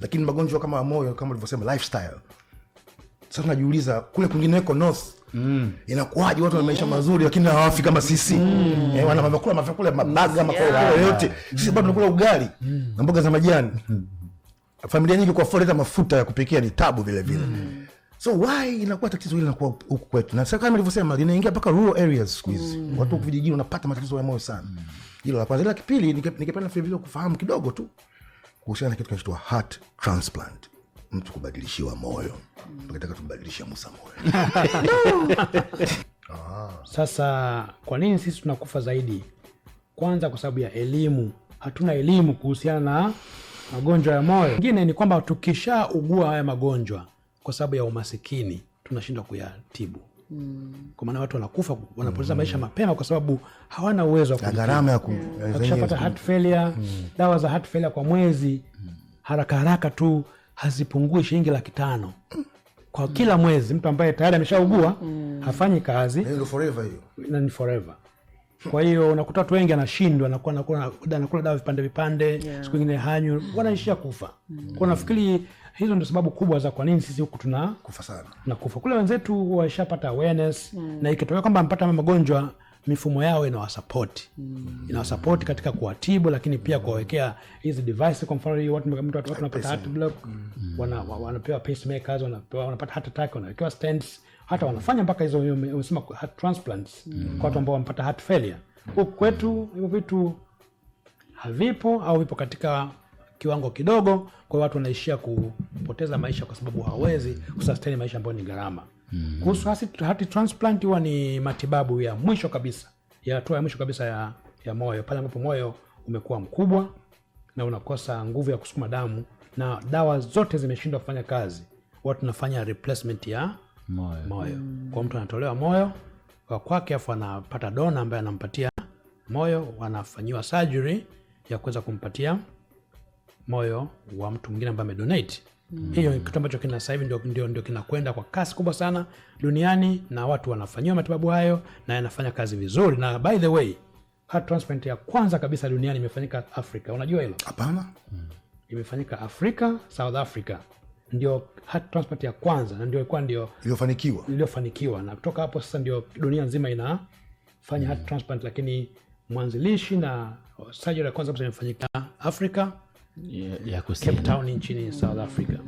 lakini magonjwa kama moyo kama ulivyosema lifestyle. Sasa tunajiuliza kule kwingineko north Mm. Inakuwaje watu wana maisha mazuri lakini hawafi kama sisi? Mm. Eh, wana vyakula mavyakula mabaga makoa yeah. yote. Sisi bado tunakula ugali mm. na mboga za majani. Mm. Familia nyingi kwa foreta mafuta ya kupikia ni tabu vile vile. Mm. So why inakuwa tatizo hili linakuwa huku kwetu? Na sasa kama nilivyosema linaingia mpaka rural areas siku hizi. Mm. Watu vijijini wanapata matatizo ya moyo sana. Hilo mm. la kwanza. Ila kipili ningependa vilevile kufahamu kidogo tu kuhusiana na kitu kinachoitwa heart transplant, mtu kubadilishiwa moyo. ukitaka tumbadilishe Musa moyo. Ah. Sasa kwa nini sisi tunakufa zaidi? Kwanza kwa sababu ya elimu, hatuna elimu kuhusiana na magonjwa ya moyo. Ingine ni kwamba tukishaugua haya magonjwa, kwa sababu ya umasikini tunashindwa kuyatibu. Hmm. Kwa maana watu wanakufa wanapoteza mm. maisha mapema kwa sababu hawana uwezo wa gharama ya wakishapata heart failure mm. dawa za heart failure kwa mwezi mm. haraka haraka tu hazipungui shilingi laki tano kwa kila mwezi. Mtu ambaye tayari ameshaugua mm. hafanyi kazi, forever hiyo na ni forever kwa hiyo unakuta watu wengi anashindwa, anakuwa anakula dawa vipande vipande, yeah. siku nyingine hanyu, wanaishia kufa mm. kwa nafikiri hizo ndio sababu kubwa za kwa nini sisi huku tuna kufa sana na kufa kule, wenzetu waishapata awareness mm. na ikitokea kwamba mpata magonjwa mifumo yao inawasapoti mm. inawasapoti katika kuwatibu, lakini pia mm. kuwawekea hizi device. Kwa mfano watu wanapata heart block, mm. wanapewa pacemakers, wanapata heart attack, wanawekewa stents hata wanafanya mpaka hizo umesema heart transplants mm. kwa watu ambao wamepata heart failure. Huku kwetu hivyo vitu havipo au vipo katika kiwango kidogo, kwa watu wanaishia kupoteza maisha kwa sababu hawawezi kusustain maisha ambayo ni gharama. Mm. Kuhusu heart transplant huwa ni matibabu ya mwisho kabisa, ya hatua ya mwisho kabisa ya, ya moyo, pale ambapo moyo umekuwa mkubwa na unakosa nguvu ya kusukuma damu na dawa zote zimeshindwa kufanya kazi, watu tunafanya replacement ya moyo, moyo. Mm. Kwa mtu anatolewa moyo wa kwake afu anapata dona ambaye anampatia moyo, wanafanyiwa surgery ya kuweza kumpatia moyo wa mtu mwingine ambaye amedonate. Mm. Hiyo kitu ambacho kina sasa hivi ndio, ndio, ndio kinakwenda kwa kasi kubwa sana duniani na watu wanafanyiwa matibabu hayo na yanafanya kazi vizuri, na by the way heart transplant ya kwanza kabisa duniani imefanyika Afrika. Unajua hilo? Hapana. Mm. Imefanyika Afrika, South Africa ndio heart ya kwanza na ndio ilikuwa ndio iliyofanikiwa iliyofanikiwa, na kutoka hapo sasa ndio dunia nzima inafanya mm. heart transplant, lakini mwanzilishi na surgery ya kwanza kabisa imefanyika Afrika ya, ya Cape Town nchini South Africa